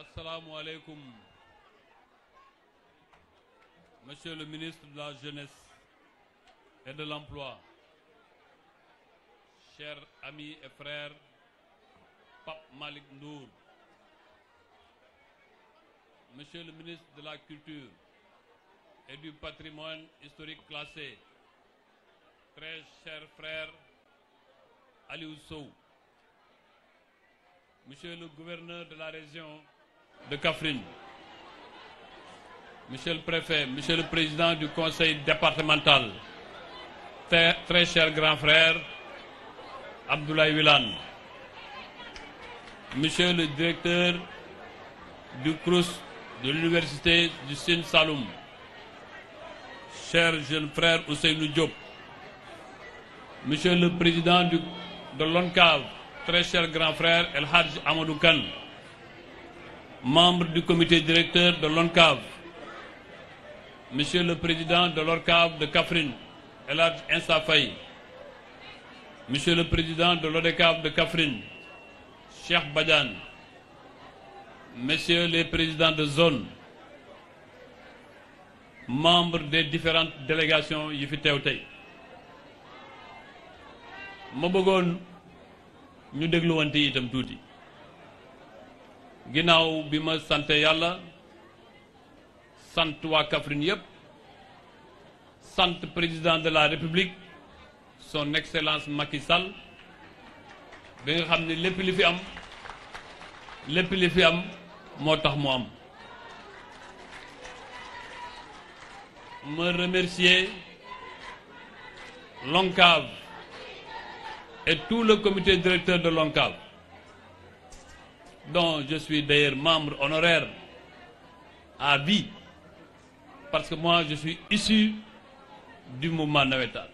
asalaamualeykum monsieur le ministre de la jeunesse et de l'emploi chers amis et frères Pape Malick Ndour monsieur le ministre de la culture et du patrimoine historique classé très cher frère Aliou Sow monsieur le gouverneur de la région de Kaffrine, Monsieur le Préfet, Monsieur le Président du Conseil départemental, très, très cher grand frère Abdoulaye Wilane, Monsieur le Directeur du CROUS de l'Université du Sine Saloum, cher jeune frère Ousseynou Diop, Monsieur le Président du, de l'ONCAV, très cher grand frère El Hadj Amadou Kane, membre du comité directeur de l'ONCAV, Monsieur le Président de l'ONCAV de Kafrine, Elad Insafaï, Monsieur le Président de l'ODECAV de Kafrine, Cheikh Badian, Messieurs les Présidents de zone, membre des différentes délégations yi fi teew tey ma bëggoon ñu dégluwante itam tuuti ginnaaw bi ma sante yàlla sant waa Kaffrine yëpp sant président de la république son excellence Macky Sall bi nga xam ne lépp li fi am lépp li fi am moo tax mu am ma remercier l'ONCAV et tout le commité directeur de l'ONCAV donc je suis d'ailleurs membre honoraire à vie, parce que moi je suis issu du mouvement navétane.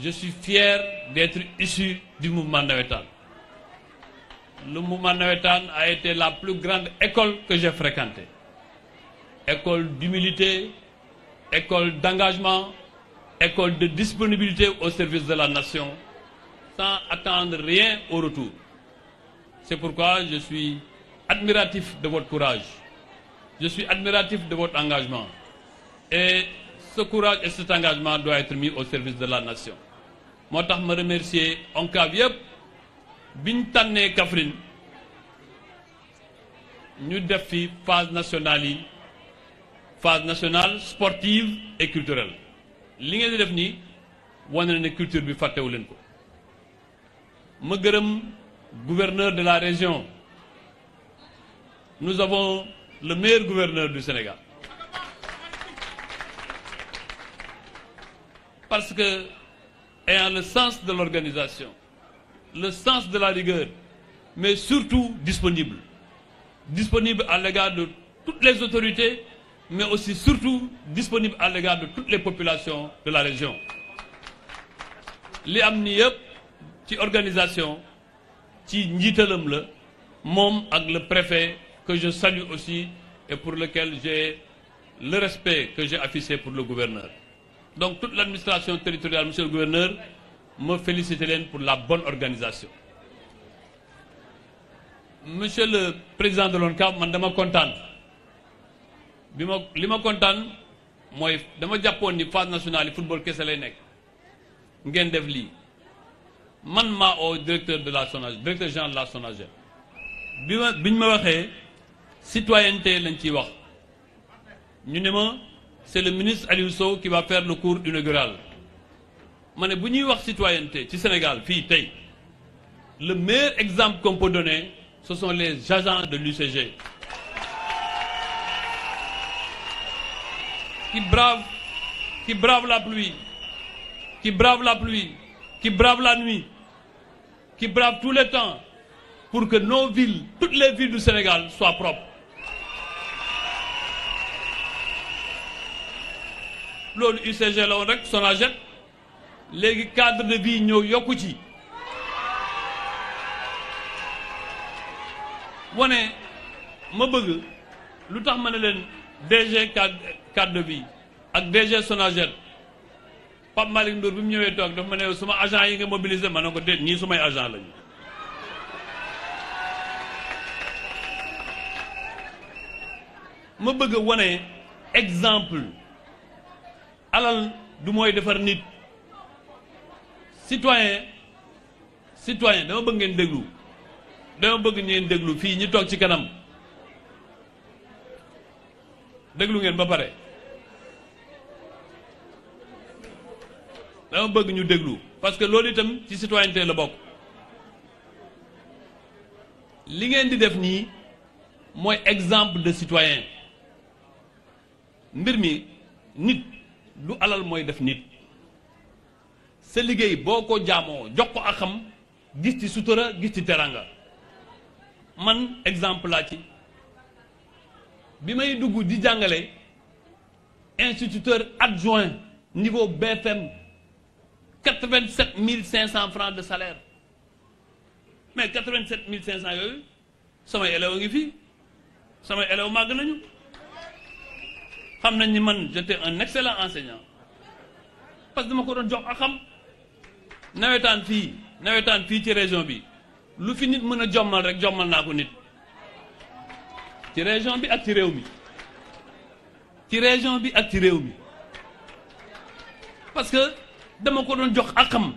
Je suis fier d'être issu du mouvement navétane. Le mouvement navétane a été la plus grande école que j'ai fréquentée. École d'humilité, école d'engagement, école de disponibilité au service de la nation, sans attendre rien au retour. C'est pourquoi je suis admiratif de votre courage. Je suis admiratif de votre engagement. Et ce courage et cet engagement doivent être mis au service de la nation. moo tax ma remercier ONCAV yëpp biñ tànnee Kaffrine ñu def fi phase nationale yi phase nationale sportive et culturelle li nga def nii wane na ne culture bi fàttewu leen ko ma gërëm gouverneur de la région. Nous avons le meilleur gouverneur du Sénégal. Parce que, ayant le sens de l'organisation, le sens de la rigueur, mais surtout disponible. Disponible à l'égard de toutes les autorités, mais aussi surtout disponible à l'égard de toutes les populations de la région. li am ni yëpp ci organisation ci njiitalam la moom ak le préfet que je salue aussi et pour lequel j'ai le respect que j'ai affiché pour le gouverneur donc toute l'administration territoriale monsieur le gouverneur ma félicite leen pour la bonne organisation monsieur le président de l'ONCAV man dama kontaan bi ma li ma kontaan mooy dama jàppoon ni phase nationale yi football kese lay nekk ngeen def lii man maa oo directeur de la SONAGED directeur la SONAGED bi ma bi ñu ma waxee citoyenneté lañ ciy wax ñu ne ma c'est le ministre Aliou Sow qui va faire le cours inaugural ma ne bu ñuy wax citoyenneté ci Sénégal fii tey le meilleur exemple qu'on peut donner ce sont les agents de l'UCG qui bravent qui bravent la pluie qui bravent la nuit qui brave tout le temps pour que nos villes, toutes les villes du Sénégal soient propres. loolu UCG la woon rek SONAGED léegi cadre de vie ñëw yokku ci wane ma bëgg lu tax ma ne leen DG cadre cadre de vie ak DG SONAGED Pape Malick Ndour bi mu ñëwee toog dafa ma ne suma agent yi nga mobilisé ma ne ko déet ñii sumay agent lañu ma bëgg a wane exemple alal du mooy defar nit citoyen citoyen dama bëgg ngeen déglu dama bëgg ngeen déglu fii ñi toog ci kanam déglu ngeen ba pare dama bëgg ñu déglu parce que loolu itam ci citoyenneté la bokk li ngeen di def nii mooy exemple de citoyen mbir mi nit lu alal mooy def nit sa liggéey boo ko jaamoo jox ko ak xam gis ci sutura gis ci teranga man exemple laa ci bi may dugg di jàngale instituteur adjoint niveau BFM quatre-vingt-sept mille cinq cent francs de salaire mais quatre-vingt-sept mille cinq cent yooyu samay élèves ngi fii samay élèves màgg nañu xam nañ ni man j'étais un excellent enseignant parce que dama ko doon jox ak xam nawetaan fii nawetaan fii ci région bi lu fi nit mën a jommal rek jommal naa ko nit ci région bi ak ci réew mi ci région bi ak ci réew mi parce que dama ko doon jox akam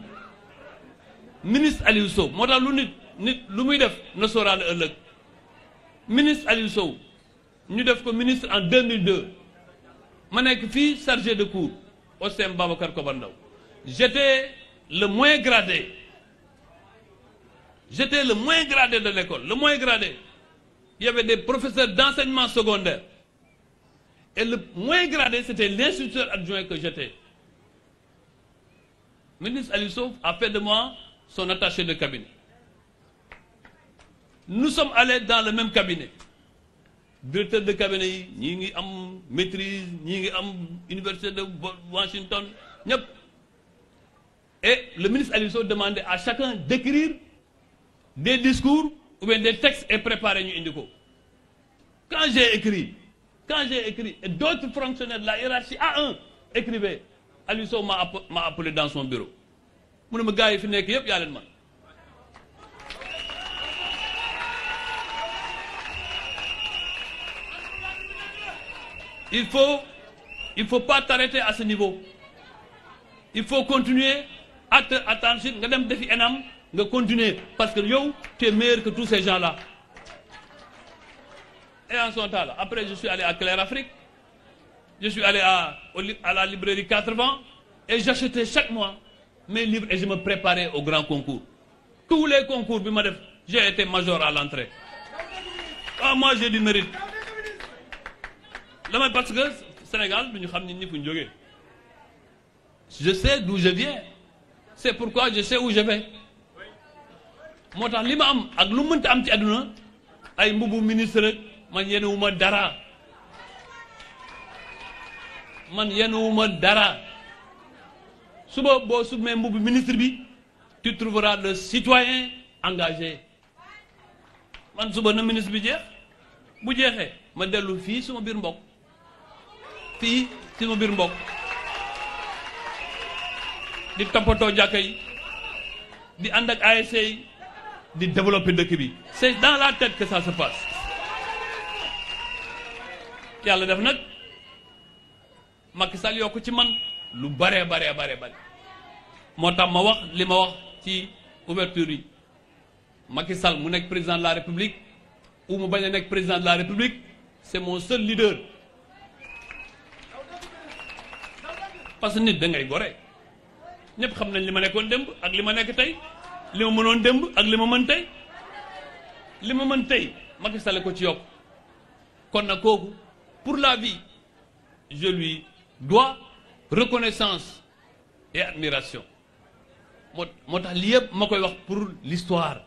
ministre Aliou Sow moo tax lu nit nit lu muy def na sóoraale ëllëg ministre Aliou Sow ñu def ko ministre en 2002 ma nekk fii chargé de cours au CEM Babacar Koba Ndaw j'étais le moins gradé j'étais le moins gradé de l'école le moins gradé il y avait des professeurs d'enseignement secondaire et le moins gradé c'était l'instituteur adjoint que j'étais ministre Aliou Sow a fait de moi son attaché de cabinet. Nous sommes allés dans le même cabinet. directeur de cabinet yi ñii ngi am maîtrise ñii ngi am université de Washington ñëpp et le ministre Aliou Sow demandait à chacun d'écrire des discours ou bien des textes et préparer ñu indi ko quand j'ai écrit quand j'ai écrit et d'autres fonctionnaires de la hiérarchie A1 écrivaient Aliou Sow m'a app m'a bureau mu ne ma gars yi fi nekk yëpp yaa leen man il faut il faut pas t'arrêter à ce niveau il faut continuer à te attendre nga dem defi enam nga continuer parce que yow tu es que tous ces gens là et en son temps là après je suis allé Claire Afrique je suis allé à, au, à la librairie 80 et j'achetais chaque mois mes livres et je me préparais au grand concours. Tous les concours, j'ai été major à l'entrée. Ah, moi, j'ai du mérite. Là, parce que Sénégal, nous savons Je sais d'où je viens. C'est pourquoi je sais où je vais. moo tax li ma am ak lu mënta am ci àdduna ay mbubu ministre man yéenewuma dara man yenuwuma dara suba boo sumee mbubb ministre bi tu trouveras le citoyen engagé man suba na ministre bi jeex bu jeexee ma dellu fii suma biir mbokk fii suma biir mbokk di toppatoo jàkka yi di ànd ak as di développer dëkk bi c'est dans la tête que ça se passe yàlla def nag Macky Sall yokku ci man lu baree baree baree bare moo tax ma wax li ma wax ci ouverture yi Macky Sall mu nekk président de la république ou bañ a nekk président de la république c'est mon seul leader parce que nit dangay ngay gore ñëpp xam nañ li ma nekkoon démb ak li ma nekk tey li ma mënoon démb ak li ma mën tey li ma mën tey Macky Sall ko ci yokk kon nag kooku pour la vie je lui doit reconnaissance et admiration moo moo tax li yëpp ma koy wax pour l'histoire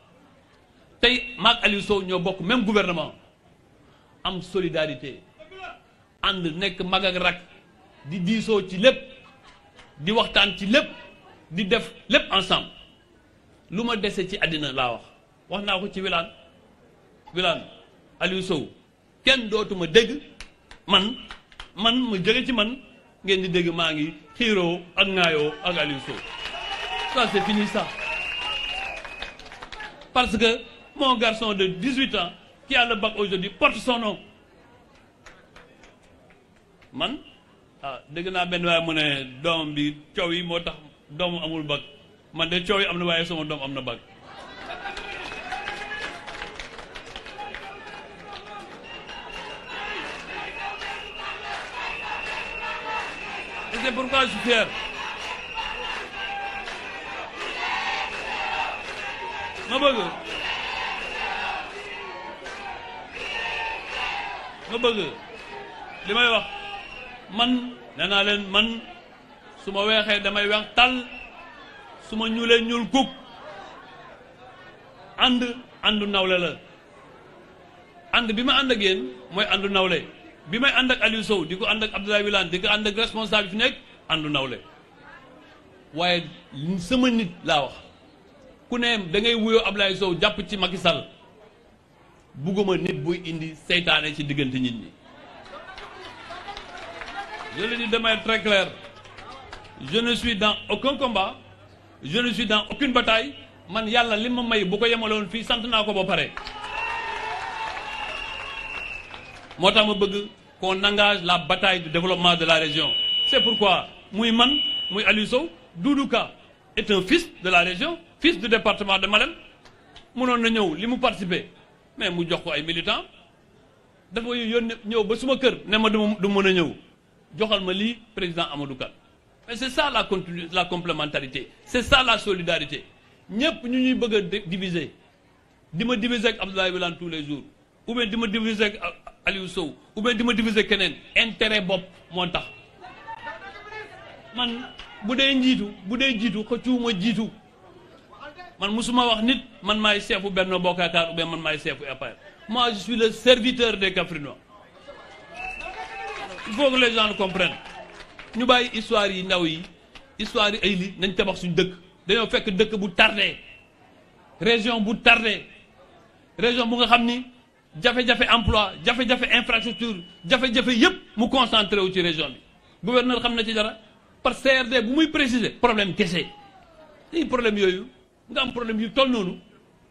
tey maag Aliou Sow ñoo bokk même gouvernement am solidarité ànd nekk mag ak rak di diisoo ci lépp di waxtaan ci lépp di def lépp ensemble lu ma dese ci àddina laa wax wax naa ko ci wilaan wilaan Aliou Sow kenn dootuma dégg man man ma jóge ci man ngeen di dégg maa ngi xiiroo ak ŋaayoo ak Aliou Sow ça fini ça parce que mon garçon de 18 ans qui yàlla le bac aujourd'hui porte son nom man ah dégg naa benn waaye mu ne doomam bi coow yi moo tax doom amul bac man de coow yi am na waaye sama doom am na bac Et c'est pourquoi je ma bëgg ma bëgg li may wax man nee naa leen man su ma weexee damay weex tal su ma ñuulee ñuul kuk ànd àndu nawle la ànd bi ma ànd ak yéen mooy àndu nawle bi may ànd ak Aliou Sow di ko ànd ak Abdoulaye Wilane di ko ànd ak responsable fi nekk àndu nawle waaye sama nit laa wax ku ne da ngay wuyoo Abdoulaye Sow jàpp ci Macky Sall bugguma nit buy indi seytaane ci diggante nit ñi je le dis de manière très claire je ne suis dans aucun combat je dans aucune bataille man yàlla li ma may bu ko yemaloon fii sant naa ko ba pare moo tax ma bëgg qu'on engage la bataille du développement de la région. C'est pourquoi Mouiman, Mouy Aluso, Doudouka est un fils de la région, fils du département de Malem. Mounon na li mu participer mais mu jox ko ay militants dafa yonne ñëw ba suma kër ne ma du mëna ñëw joxal ma li président Amadou Kane mais c'est ça la continu la complémentarité c'est ça la solidarité ñëpp ñu ñuy bëgg a diviser di ma diviser ak Abdoulaye Wilane tous les jours ou di ma diviser Aliou Sow ou bien di ma diviser keneen intérêt bopp moo tax man bu dee njiitu bu dee jiitu ma jiitu man musuma wax nit man maay seefu benn Bokk Yaakaar ou bien man maay seefu APR mois je suis le serviteur des Kaffrinois il faut que les gens le ñu bàyyi histoire yi ndaw yi histoire yi ay li nañ tabax suñ dëkk dañoo fekk dëkk bu tardé région bu tardé région bu nga xam ni jafe-jafe emploi jafe-jafe infrastructure jafe-jafe yëpp mu concentré wu ci région bi gouverneur xam na ci dara par CRD bu muy préciser problème kese yi problème yooyu nga am problème yi toll noonu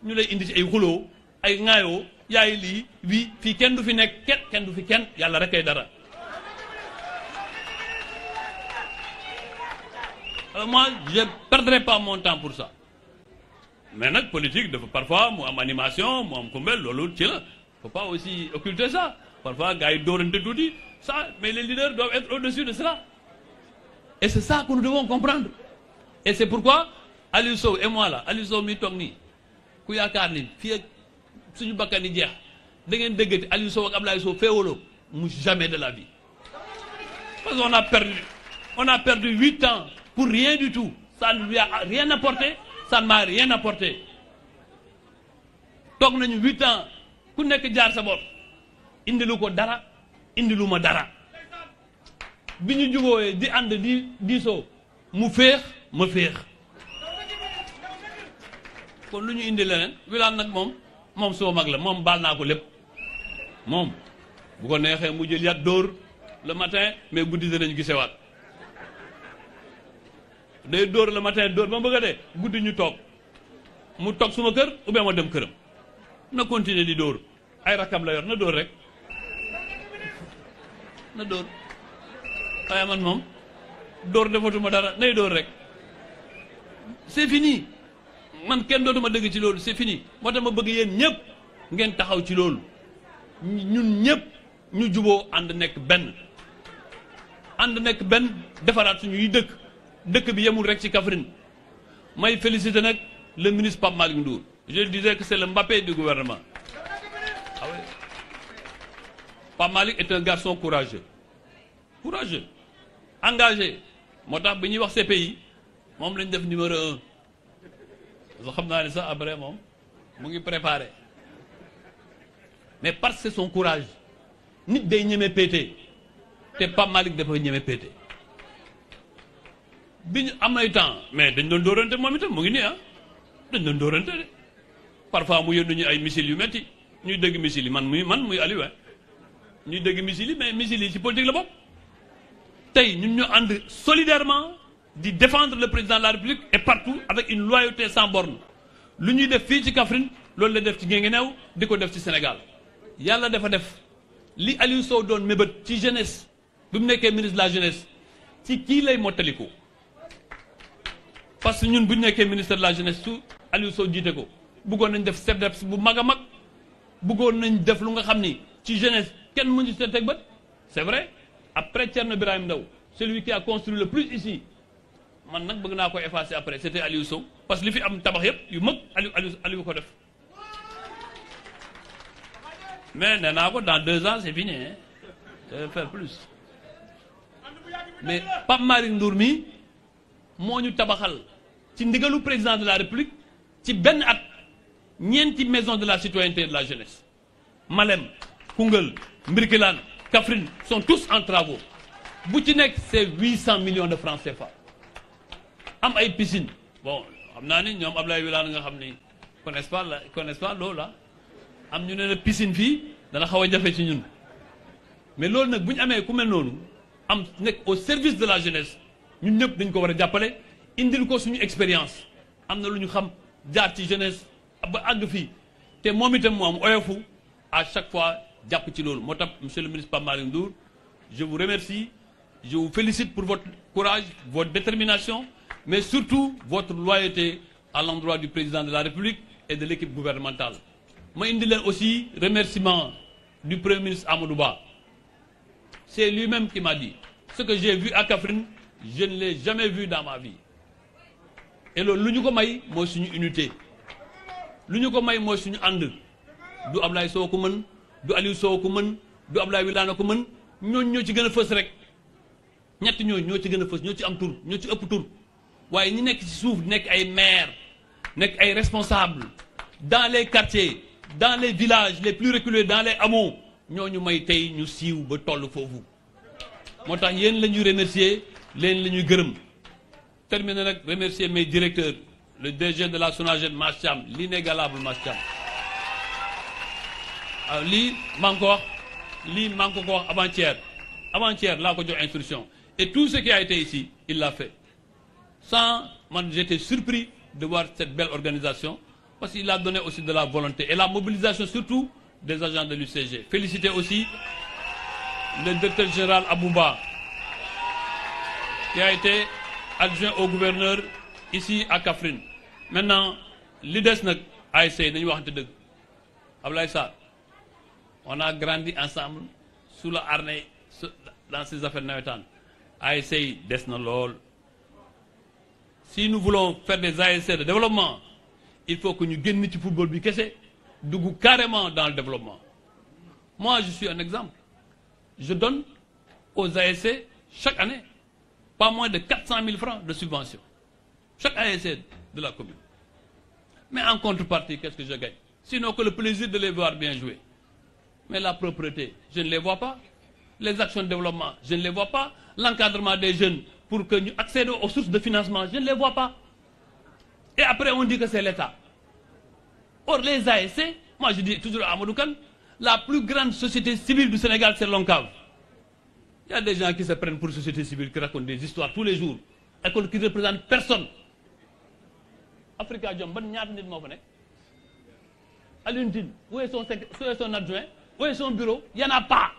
ñu lay indi ci ay xuloo ay ŋaayoo yaay lii wii fii kenn du fi nekk kenn kenn du fi kenn yàlla rek ay dara alors moi je perdrai pas mon pour ça mais nag politique dafa parfois mu am animation mu am kumbel loolu ci la faut pas aussi occulter ça parfois gars yi dóorante tuuti ça mais les leaders doivent être au-dessus de cela et c'est ça que nous devons comprendre et c'est pourquoi Aliou Sow et moi là Aliou Sow mi toog nii ku yaakaar ni fii ak suñu bakkan yi jeex da ngeen déggati Aliou Sow ak Ablaye Sow féewaloo mu jamais de la vie parce qu'on a perdu on a perdu huit ans pour rien du tout ça ne lui a rien apporté ça ne m'a rien apporté toog nañu huit ans ku nekk jaar sa bopp indilu ko dara indilu ma dara bi ñu jubóoyee di ànd di diisoo mu féex ma féex kon lu ñu indi leneen Wilane nag moom moom soo mag la moom baal naa ko lépp moom bu ko neexee mu jël yaat dóor la matin mais guddi danañu gisewaat day dóor le matin dóor ba mu bëgg de guddi ñu toog mu toog suma kër ou ma dem këram na continuer di dóor ay rakam la yor na dóor rek na dóor waaye man moom dóor defatuma dara nay dóor rek c'est man kenn dootuma dëgg ci loolu c'est fini moo tax ma bëgg yéen ñëpp ngeen taxaw ci loolu ñun ñëpp ñu juboo ànd nekk benn ànd nekk benn defaraat suñuy dëkk dëkk bi yemul rek ci Kaffrine may féliciter nag le ministre Pape Malick Ndour Je disais que c'est le Mbappé du gouvernement. Ah oui. Pape Malick est un garçon courageux. Courageux. Engagé. moo tax bi ñuy wax CPI moom lañ def numéro un. parce xam naa ne sax après moom mu ngi préparer mais parce que son courage. nit day ñeme pété. te Pape Malick dafa ñeme pété. bi ñu am ay temps mais dañ doon dóorante moom itam mu ngi nii ah dañ doon dóorante parfois mu yónni ñu ay missiles yu metti ñuy dégg missiles yi man muy man muy Aliou ñuy dégg missiles yi mais missiles yi ci politique la bopp tey ñun ñu ànd solidairement di défendre le président de la République et partout avec une loyauté sans borne lu ñuy def fii ci Kaffrine loolu la def ci Guinguinéo di ko def ci Sénégal yàlla dafa def li Aliou Sow doon mébét ci jeunesse bi mu nekkee ministre la jeunesse ci kii lay mottaliku parce que ñun bu ñu nekkee ministre de la jeunesse su Aliou Sow jiite ko. buggoon nañu def SEDEPS bu mag a mag buggoon nañ def lu nga xam ni ci jeunesse kenn mënu si teg bët c'est vrai après Thierno Birahim Ndao celui qui a construit le plus ici man nag bëgg naa ko effacer après c'était Aliou Sow parce que li fi am tabax yëpp yu mag Aliou Aliou Aliou ko def mais nee naa ko dans deux ans c'est fini hein je vais faire Ndour mi moo ñu tabaxal ci ndigalu président de la République ci benn at ñeenti maison de la citoyenneté de la jeunesse Malem Koungheul Mbirkilane Kaffrine sont tous en travaux bu ci nekk se huit cent millions de francs CFA am ay piscine bon xam naa ni ñoom Ablaye Wilane nga xam ni connaissent pas la connaissent pas loolu la am ñu ne la piscine fii dana xaw a jafe ci ñun mais loolu nag bu ñu amee ku mel noonu am nekk au service de la jeunesse ñun ñëpp dañ ko war a jàppale indil ko suñu expérience am na lu ñu xam jaar ci jeunesse ba àgg fii te moom itam mu am à chaque fois jàpp ci loolu moo tax monsieur le ministre Pape Malick Ndour je vous remercie je vous félicite pour votre courage votre détermination mais surtout votre loyauté à l'endroit du président de la République et de l'équipe gouvernementale ma indi leen aussi remerciement du premier ministre Amadou Ba c'est lui-même qui m'a dit ce que j'ai vu à Kaffrine je ne l'ai jamais vu dans ma vie et loolu lu ñu ko may mooy suñu unité lu ñu ko may mooy suñu ànd du Ablaye Sow ko mën du Aliou Sow ko mën du Ablaye Wilane ko mën ñooñu ñoo ci gën a fës rek ñett ñooñu ñoo ci gën a fës ñoo ci am tur ñoo ci ëpp tur waaye ñi nekk ci suuf nekk ay maire nekk ay responsable dans les quartiers dans les villages les plus reculés dans les hameaux ñooñu may tey ñu siiw ba toll foofu moo tax yéen la ñuy remercier leen la ñuy gërëm terminer nag remercier mes directeurs le DG de la SONAGED Mass Thiam l'inégalable Mass Thiam waaw ah, lii maa ngi ko wax lii maa ngi ko wax avant-hier laa ko jox instruction et tout ce qui a été ici il l'a fait sans man j'étais surpris de voir cette belle organisation parce qu'il a donné aussi de la volonté et la mobilisation surtout des agents de l'UCG féliciter aussi le directeur général Abouba qui a été adjoint au gouverneur ici à Kaffrine maintenant li des nag ASC nañu waxante dëgg Abdoulaye Sarr on a grandi ensemble sous la harnais dans ces affaires nawetaan ASC des na lool si nous voulons faire des ASC de développement il faut que ñu génn ci football bi kese dugg carrément dans le développement moi je suis un exemple je donne aux ASC chaque année pas moins de 400 000 francs de subvention chaque ASC de la commune. Mais en contrepartie, qu'est-ce que je gagne Sinon que le plaisir de les voir bien jouer. Mais la propreté, je ne les vois pas. Les actions de développement, je ne les vois pas. L'encadrement des jeunes pour que nous accédions aux sources de financement, je ne les vois pas. Et après, on dit que c'est l'État. Or, les ASC, moi je dis toujours à Amadoukan, la plus grande société civile du Sénégal, c'est l'ONCAV. Il y a des gens qui se prennent pour les jours, et Africa Jom ban ñaata nit moo fa nekk Alioune Tine où est son sec où adjoint où est son bureau y en a pas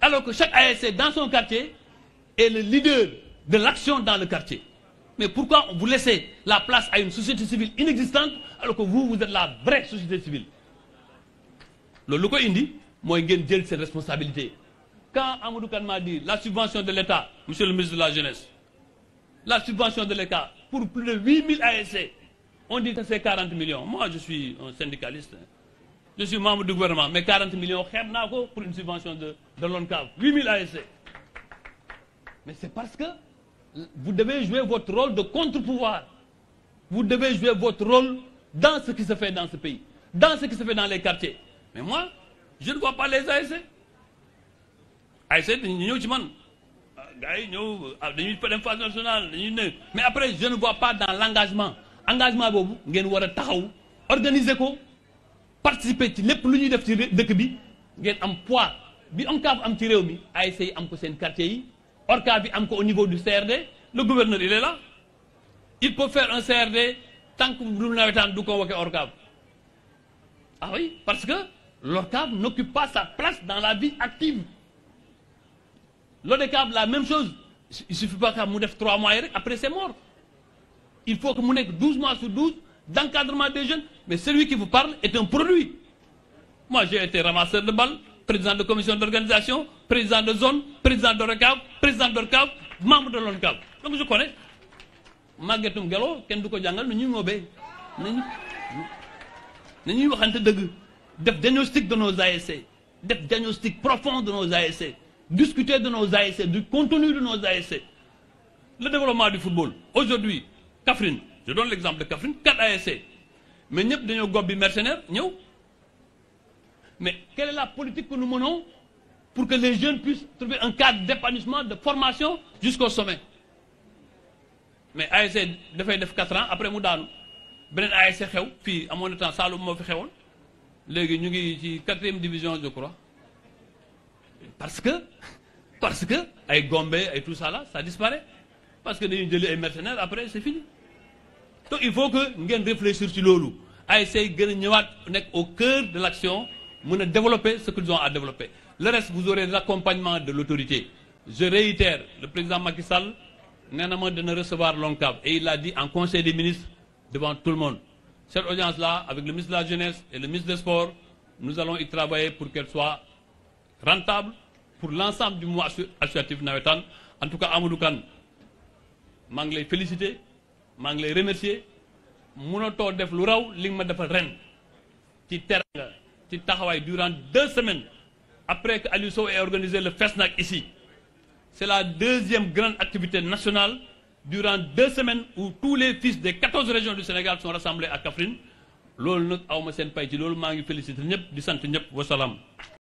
alors que chaque ASC dans son quartier est le leader de l'action dans le quartier mais pourquoi vous laissez la place à une société civile inexistante alors que vous vous êtes la vraie société civile loolu lu ko indi mooy ngeen jël seen responsabilité quand Amadou Kane m'a dit la subvention de l'État monsieur le ministre de la jeunesse la subvention de l'État pour plus de 8000 ASC. On dit que c'est 40 millions. Moi, je suis un syndicaliste. Je suis membre du gouvernement. Mais 40 millions, xeeb naa ko pour une subvention de, de l'ONCAV. Mais c'est parce que vous devez jouer votre rôle de contre-pouvoir. Vous devez jouer votre rôle dans ce qui se fait dans ce pays, dans ce qui se fait dans les quartiers. Mais moi, je ne vois pas les ASC. ASC ci man. gars yi ñëw dañuy euh, dem phase nationale dañuy ne mais après je ne vois pas dans l' engagement boobu ngeen war a taxaw organiser ko participer ci lépp lu ñuy def ci dëkk bi ngeen am poids bi ONCAV am ci réew mi ay yi am ko seen quartier yi ORCAV bi am ko au niveau du CRD le gouverneur il est là il peut faire un CRD tant que lu nawetaan du convoquer ORCAV ah oui parce que l'ORCAV n'occupe pas sa place dans la vie active l'ODCAV la même chose il suffit pas que mu def 3 mois yi après c'est mort il faut que mu nekk 12 mois sur 12 d'encadrement des jeunes mais celui qui vous parle est un produit moi j'ai été ramasseur de balles président de commission d'organisation président de zone président d'ODCAV président d'ODCAV membre de l'ODCAV donc je connais màggetum gelo kenn du ko jàngal nu ñuy ngóobee nañu nañuy waxante dëgg def diagnostic de nos ASC def diagnostic profond de discuter de nos ASC, du contenu de nos ASC. Le développement du football. Aujourd'hui, Kafrine, je donne l'exemple de Kafrine, 4 ASC. Mais nous avons des mercenaires, nous. Mais quelle est la politique que nous menons pour que les jeunes puissent trouver un cadre d'épanouissement, de formation jusqu'au sommet Mais ASC, dafay def 4 ans, après mu Moudano. beneen ASC xew fii amoon na temps Saloum moo fi xewoon léegi ñu ngi ci quatrième division je crois parce que parce que ay Gombe ay tout ça là ça disparaît parce que dañuy jëli ay mercenaires après c'est fini il faut que ngeen réfléchir ci loolu ay say gën a ñëwaat nekk au cœur de l'action mën a développer ce qu'ils ont à développer le reste vous aurez l'accompagnement de l'autorité je réitère le président Macky Sall nee na ma dana recevoir l'ONCAV et il l'a dit en conseil des ministres devant tout le monde cette audience là avec le ministre de la jeunesse et le ministre des rentable pour l'ensemble du mouvement associatif nawetaan en tout cas Amadou Kane maa ngi lay féliciter maa ngi lay remercier mënatoo def lu raw li nga ma defal ren ci teranga ci taxawaay durant deux semaines après que Aliou Sow ait organisé na FESNAC ici c'est la deuxième grande activité nationale durant deux semaines où tous les fils de quatorze régions du Sénégal sont rassemblés à Kaffrine loolu nag aw ma seen pay ci loolu maa ngi féliciter ñëpp di sant ñëpp wasalaam